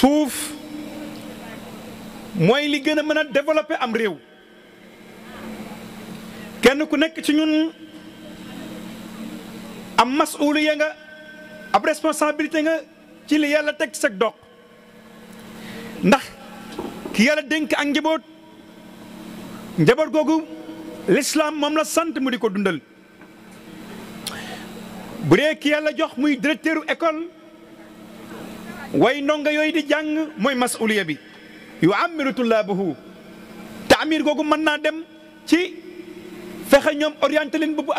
suuf mooy li gën a mën a développer am réew kenn ku nekk ci ñun am masuliya nga ab responsabilité nga ci li yàlla teg ci sag dox ndax ki yàlla dénk ak njaboot njaboot googu l'islam moom la sant mu di ko dundal bu dee ki yàlla jox muy directeuru école way ndongo yooyu di jàng mooy masuliya bi yu amiru tullaabuhu taamir googu mën naa dem ci fexe ñoom orienté leen ba bu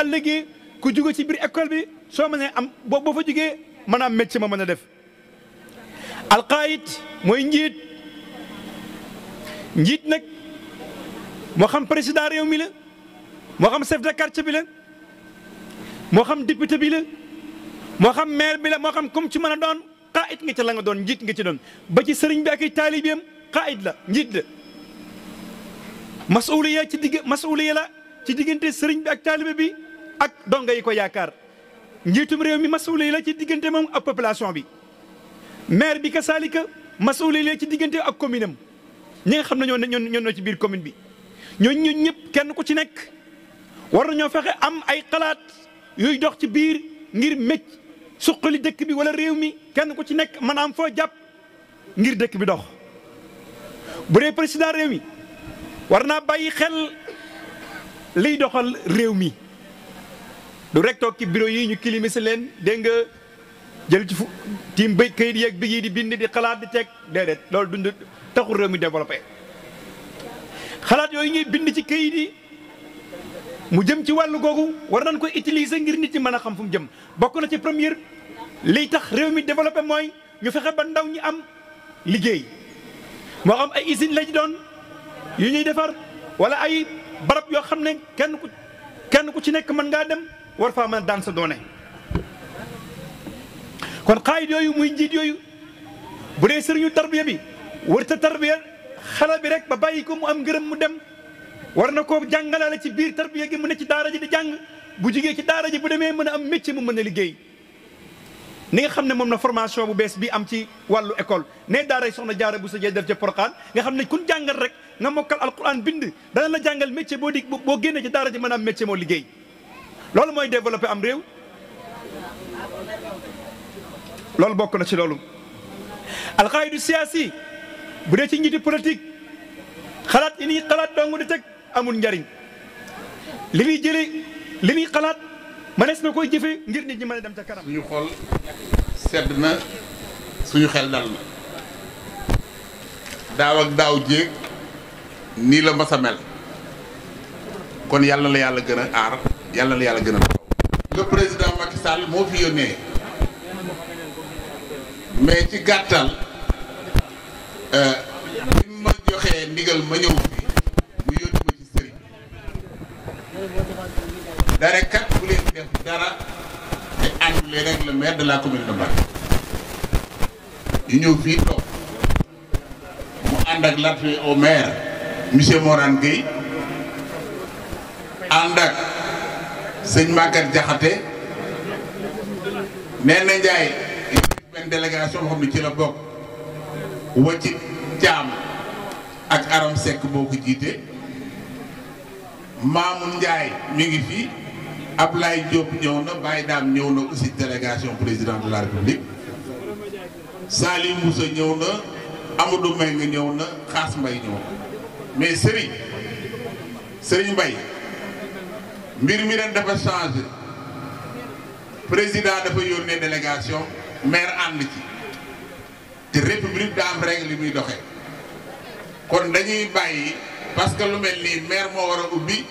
ku jóge ci biir école bi soo mënee am boo boo fa jógee mën a am ma mën a def alqaayit mooy njiit njiit nag moo xam président réew mi la moo xam chef de bi la moo xam député bi la moo xam maire bi la moo xam comme ci mën a doon xaayit nga ci la nga doon njiit nga ci doon ba ci sëriñ bi ak ay taalibeem xaayit la njiit la masuuliya ci digg masuuliya la ci diggante sëriñ bi ak taalibe bi ak donga yi ko yaakaar njiitum réew mi masuuliya la ci diggante moom ak population bi maire bi kasaalika masuuliya la ci diggante ak commune am ñi nga xam ne ñoo ñoo ñoo ci biir commune bi ñoo ñu ñëpp kenn ku ci nekk war nañoo fexe am ay xalaat yuy dox ci biir ngir mécc suqali dëkk bi wala réew mi kenn ku ci nekk mën foo jàpp ngir dëkk bi dox bu dee réew mi war naa bàyyi xel liy doxal réew mi du rek toog ci bureau yi ñu kilimise leen dégg nga jël ci fu tiim bëy kayit yeeg bi yi di bind di xalaat di teg déedéet loolu dund taxul réew mi développé xalaat yooyu ñuy bind ci kayit yi mu jëm ci wàllu googu war nañ koy utiliser ngir nit ñi mën a xam fu mu jëm bokk na ci première liy tax réew mi développé mooy ñu fexe ba ndaw ñi am liggéey moo xam ay la lañ doon yu ñuy defar wala ay barab yoo xam ne kenn ku kenn ku ci nekk mën ngaa dem war faa mën a daan sa doone kon xaayit yooyu muy njiit yooyu bu dee sëriñu tarbiya bi wërta tarbiya xale bi rek ba bàyyi ko mu am ngërëm mu dem war na koo jàngalaale ci biir tarbiya gi mu ne ci daara ji di jàng bu jigee ci daara ji bu demee mën a am métier mu mën a liggéey ni nga xam ne moom na formation bu bees bii am ci wàllu école ne daaray soxna jaare bu sa jee def ca poroxaan nga xam ne kun jàngal rek nga mokkal alquran bind dana la jàngal métier boo di boo génnee ci daara ji mën a am métier moo liggéey loolu mooy développé am réew loolu bokk na ci loolu alxaayidu siyaasi bu dee ci njiiti yi ni xalaat dong di teg amul njariñ li muy jëlee li ñuy xalaat mënees na koy jëfee ngir nit ñi mën dem ca kanam. suñu xol sedd na suñu xel dal na daaw ak daaw jéeg nii la mas kon yàlla la yàlla gën a aar yàlla la yàlla gën a taxaw. le président Macky moo fi yónnee mais ci gàttal euh, bi ma joxee ndigal ma ñëw da kat bu leen def dara te ànd leen rek le maire de la commune de Mbacké ñu ñëw fii toog mu ànd ak l'appui au maire monsieur Morane ànd ak sëñ Maguette Diakhaté nee na Ndiaye benn délégation boo xam ne ci la bokk wacc caam ak aram sekk boo ko jiite Mamoun Ndiaye mi ngi fii Ablaye Diop ñëw na Baye Dame ñëw na aussi délégation président de la République Salim Moussa ñëw na Amadou Mbengue ñëw na Xaas Mbaye ñëw na mais Serigne Serigne Mbaye mbir mi ren dafa changé président dafa yónnee délégation maire ànd ci te république daa am li muy doxee kon dañuy bàyyi parce que lu mel nii maire moo war a ubbi.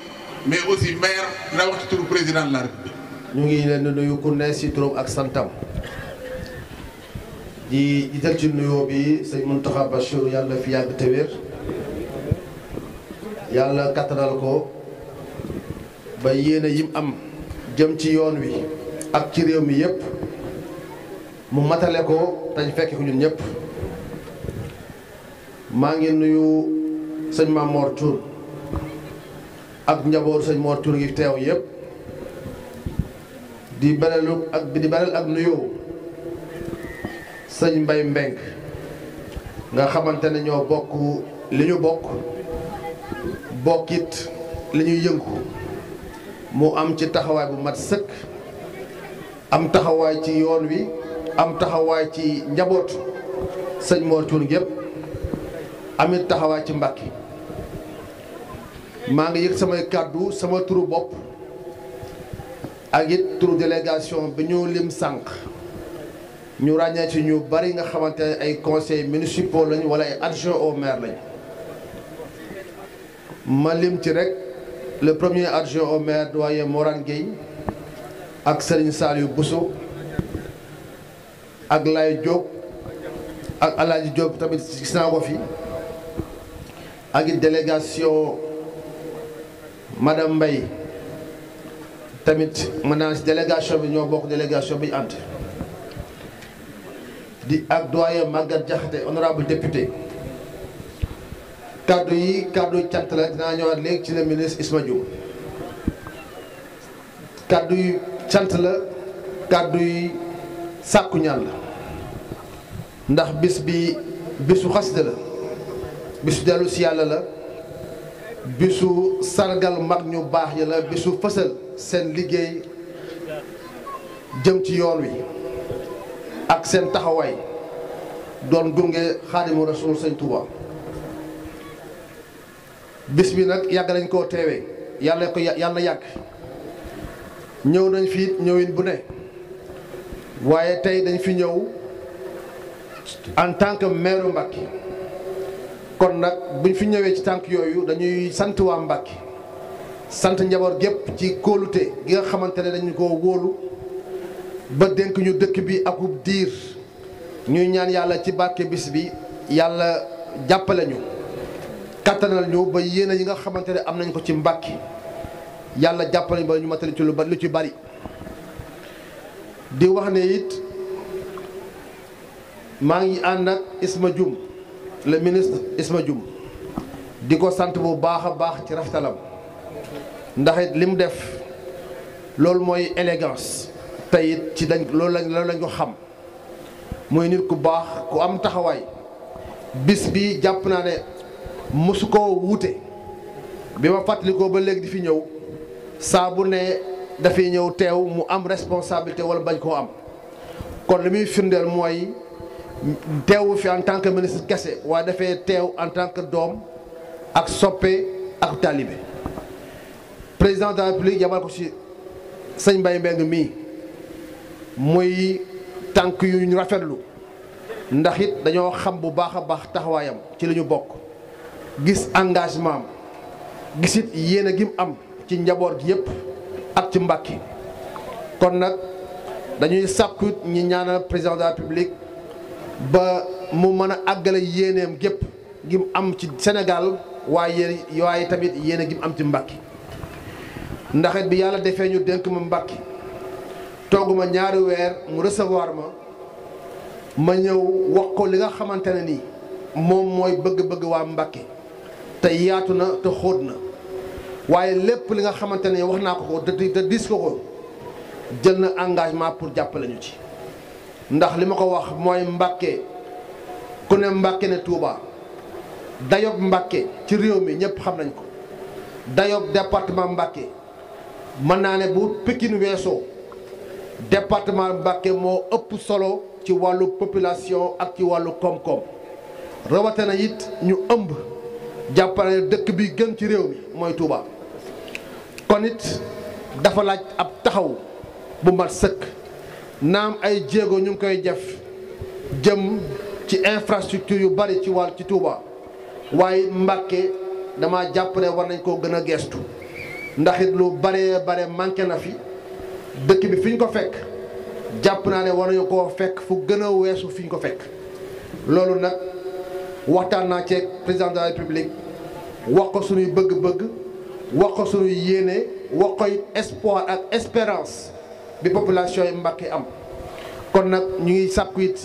mais aussi maire dina wax président la république. ñu ngi leen di nuyu ku ne si turam ak santam di jiital ci nuyoo bi sëñ Mountakha Bachir yàlla fi yàgg te wér yàlla kattanal ko ba yéene yim am jëm ci yoon wi ak ci réew mi yépp mu matale ko tañ fekk ko ñun ñëpp maa ngi nuyu sëñ Mamor Thioune. ak njaboot sëñ Mor ngi teew yëpp di beralu ak di beral ak nuyoo sëñ Mbay Mbenk nga xamante ne ñoo bokk li ñu bokk bokkit li ñuy yëngu mu am ci taxawaay bu mat sëkk am taxawaay ci yoon wi am taxawaay ci njaboot sëñ Mor Touré yëpp amit taxawaay ci Mbàkke maa ngi yëg samay kàddu sama turu bopp ak it turu délégation bi ñu lim sànq ñu ràññee ci ñu bari nga xamante ne ay conseil municipaux lañ wala ay adjoints au maire lañ ma lim ci rek le premier adjoint au maire doyen Morane ak ak Serigne Saliou Bousso ak Laye Diop ak Alaaji Diop tamit gis naa fi ak it délégation. madame mbay tamit mën naa si délégation bi ñoo bokk délégation bi ànd di ak doyen Maguette Diakhaté honorable député kaddu yi kaddu cant la dinaa ñëwaat léegi ci le ministre Isma Diouf kaddu yi cant la kàddu yi sàkku ñaan la ndax bis bi bisu xasida la bisu dellu si yàlla la bisu sargal mag ñu baax yi la bisu fësal seen liggéey jëm ci yoon wi ak seen taxawaay doon gunge xaadimu rasul sëñ Touba bis bi nag yàgg nañ koo teewee yàlla ko yàlla yàgg ñëw nañ fi ñëwin bu ne waaye tey dañ fi ñëw en tant que maire Mbacké kon nag buñ fi ñëwee ci tànk yooyu dañuy sant waa Mbàkke sant njaboot gépp ci kóolute gi nga xamante ne dañu ko wóolu ba dénk ñu dëkk bi akub diir ñuy ñaan yàlla ci barke bis bi yàlla jàppale ñu kattanal ñu ba yéene yi nga xamante ne am nañ ko ci Mbàkke yàlla jàppale ñu ba ñu matali ci lu bari lu ci bari di wax ne it maa ngi ànd ak Isma Dioum le ministre Isma Dioum di ko sant bu baax a baax ci rafetalam ndax it li mu def loolu mooy élégance tey it ci dañ loolu lañ loolu lañ ko xam muy nit ku baax ku am taxawaay bis bi jàpp naa ne mosu koo wuute bi ma fàttalikoo ba léegi di fi ñëw saabu ne dafay ñëw teew mu am responsabilité wala bañ koo am kon li muy mooy. teewu fi en tant que ministre kese waaye dafay teew en tant que doom ak soppe ak taalibe président de la république yabal ko ci sëñ Mbaye mbeng mii muy tànk yu ñu rafetlu ndax it dañoo xam bu baax a baax taxawaayam ci li ñu bokk gis engagement am gis it yéene gi mu am ci njaboot gi yëpp ak ci mbàkki kon nag dañuy sàkku ñi ñaanal président de la république ba mu mën a àggale yéeneem gépp gi am ci senegal waaye waaye tamit yéene gi mu am ci Mbàkke ndax bi yàlla defee ñu dénk ma Mbàkke togguma ñaari weer mu recevoir ma ma ñëw wax ko li nga xamante ne nii moom mooy bëgg-bëgg waa Mbàkke te yaatu na te xóot na waaye lépp li nga xamante ne wax naa ko ko te diis ko ko jël na engagement pour jàppale ñu ci ndax li ma ko wax mooy Mbàkke ku ne Mbàkke ne Touba dayob Mbàkke ci réew mi ñëpp xam nañ ko dayob département Mbàkke mën naa ne bu Pikine weesoo département Mbàkke moo ëpp solo ci wàllu population ak ci wàllu koom-koom rawatina it ñu ëmb jàppale dëkk bi gën ci réew mi mooy Touba kon it dafa laaj ab taxaw bu mat sëkk. naam ay jéego ñu ngi koy jëf jëm ci infrastructure yu bari ci wàll ci Touba waaye Mbàkke dama jàpp ne war nañ koo gën a geestu ndax it lu bare bare manqué na fi dëkk bi fi ñu ko fekk jàpp naa ne war nañu koo fekk fu gën a weesu fi ñu ko fekk loolu nag waxtaan naa ceeg président de république wax ko suñuy bëgg-bëgg wax ko suñuy yéene wax koy espoir ak espérance bi population yi am kon nag ñu ngi sàkku it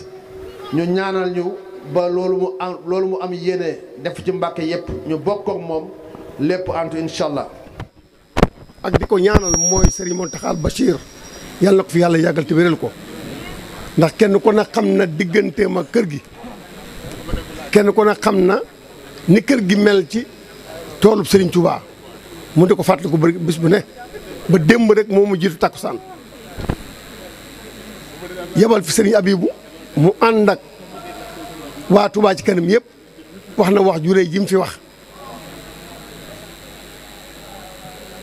ñu ñaanal ñu ba loolu mu am loolu mu am yéene def ci Mbàkke yëpp ñu bokk moom lépp antu incha allah. ak di ko ñaanal mooy Serigne Mountakha Bachir yàlla na ko fi yàlla yàggal te wéral ko ndax kenn ko na xam na digganteem ak kër gi kenn ko na xam na ni kër gi mel ci toolub Serigne Touba mu di ko fàttaliku bëri bis bu ne ba démb rek moo mu jiitu takkusaan yebal fi sëriñ Abibu mu ànd ak waa Touba ci kanam yëpp wax na wax jure rëy ji mu fi wax.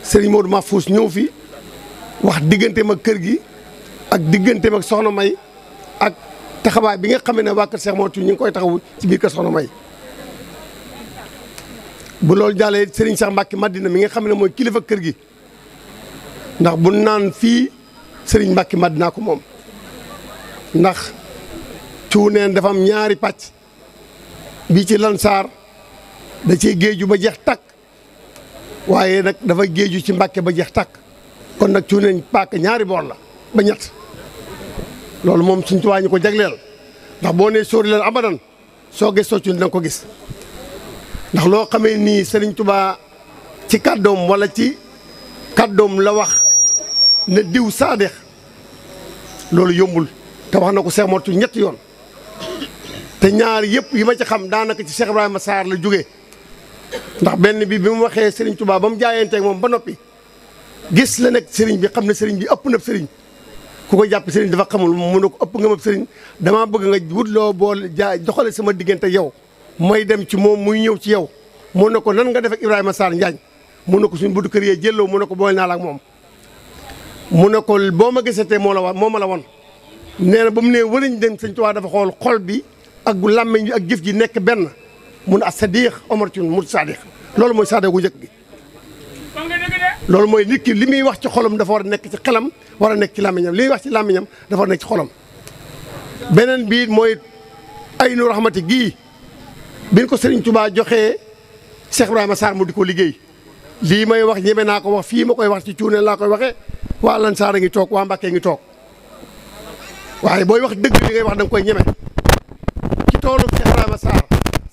sëriñ Modou Mahfous ñëw fi wax digganteem ak kër gi ak digganteem ak Soxna May ak taxawaay bi nga xamee ne waa kër Cheikh Mouhatou ñu ngi koy taxawu ci biir kër Soxna May. bu loolu jaalee sëriñ Cheikh Mbacke Madina mi nga xam ne mooy kilifa kër gi ndax bu naan fii sëriñ Mbacke Madina ko moom. ndax cuuneen dafa am ñaari pàcc bii ci lansaar da cee géeju ba jeex takk waaye nag dafa géeju ci mbàkke ba jeex takk kon nag cuuneen paak ñaari boor la ba ñett loolu moom suñ tuwaa ñu ko jagleel ndax boo nee sóori leen abadan soo gëstoo cuun danga ko gis ndax loo xamee nii Sëriñ Tubaa ci kàddoom walla ci kàddoom la wax ne diw saadex loolu yombul te wax na ko Cheikh Mor ñetti yoon te ñaar yëpp yi ma ci xam daanaka ci Cheikh Ibrahima saar la jóge ndax benn bi bi mu waxee Serigne Touba ba mu jaayanteeg moom ba noppi gis la nekk Serigne bi xam ne Serigne bi ëpp na Serigne ku ko jàpp Serigne dafa xamul mu ne ëpp nga ma Serigne damaa bëgg nga wut loo boole jaa doxale sama diggante yow may dem ci moom muy ñëw ci yow mu ne ko nan nga def ak Ibrahima Sarr Njaañ mu ne ko suñ buddu kër yee jëlloo mu ne ko boole naa ak moom mu ne boo ma gisatee moo moo ma la won nee na ba mu nee wëriñ dem sëñ waa dafa xool xol bi ak bu làmmiñ bi ak jëf ji nekk benn mun a sadiix Omar Thioune mu sadiix loolu mooy sadiix gu njëkk gi. loolu mooy nit ki li muy wax ci xolam dafa war a nekk ci xelam war nekk ci làmmiñam li wax ci làmmiñam dafa war ci xolam. beneen bii mooy aynu rahmati gii biñ ko sëriñ Tuubaa joxee Cheikh ma Sarr mu di ko liggéey lii may wax ñeme naa ko wax fii ma koy wax ci cuune laa koy waxee waa Lansara ngi toog waa Mbàkke ngi toog. waaye booy wax dëgg li ngay wax da nga koy ñeme ci toolu Cheikh Ibrahima Sarr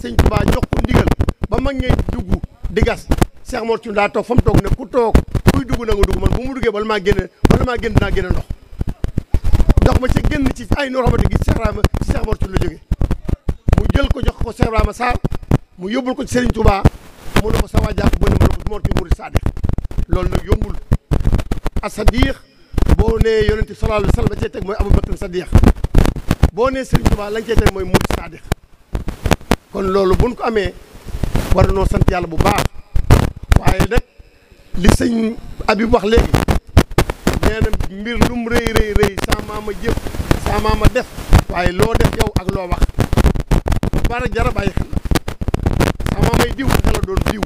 sëñ Tuubaa jox ko ndigal ba mag ngay dugg di gas Cheikh Mor Thioune toog fa mu toog ne ku toog kuy dugg na nga dugg man bu mu duggee bala maa génne bala maa génn naa génne ndox ndox ma ci génn ci ay noo xamante gi Cheikh Ibrahima ci Cheikh mu jël ko jox ko Cheikh Ibrahima Sarr mu yóbbul ko ci Serigne Touba mu ne ko sa waa jàpp ne ma ne ko Mor Thioune Mouride Sadiq loolu nag yombul asadiq boo nee yonente sallallahu alayhi wa sallam la cay teg mooy Abu Bakr Sadiq boo nee Serigne Touba la nga cay teg mooy Murid Sadiq kon loolu buñ ko amee war noo sant yàlla bu baax waaye nag li sëñ Habib wax léegi nee mbir lum rëy rëy rëy saa maama jëf saa maama def waaye loo def yow ak loo wax ba pare jara bàyyi xel saa maamay diw la doon diw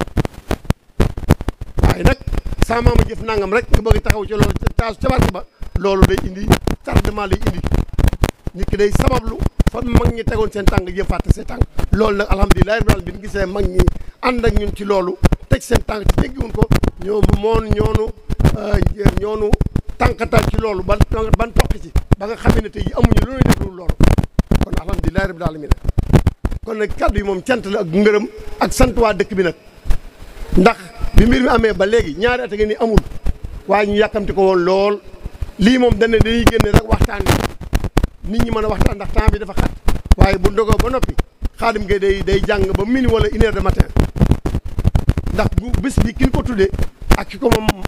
sa maama jëf nangam rek nga bëgg taxaw ci loolu taasu ca barke ba loolu day indi tardement lay indi nit ki day sabablu fan mag ñi tegoon seen tànk yëpp fàtte seen tànk loolu nag alhamdulilah rabbil alamin bi ñu gisee mag ñi ànd ak ñun ci loolu teg seen tànk ci jéggiwuñ ko ñoo moon ñoonu tànk euh, tànkatal ci loolu ban ban toq ci ba nga xam ne tey amuñu lu ñuy def loolu kon alhamdulilah rabbil alamin kon nag kàddu yi moom cant la ak ngërëm ak sant waa dëkk bi nag ndax bi mbir mi amee ba léegi ñaari at ngeen ni amul waaye ñu yàkkamti ko woon lool lii moom dana dañuy génn rek waxtaan nit ñi mën a waxtaan ndax temps bi dafa xat waaye bu ndogoo ba noppi xaadim gay day day jàng ba minuit wala une heure de matin ndax bu bis bi kin ko tuddee ak ki ko moom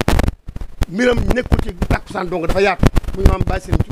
mbiram nekkul ci tàkkusaan donc dafa yaatu muy maam bàyyi seen ci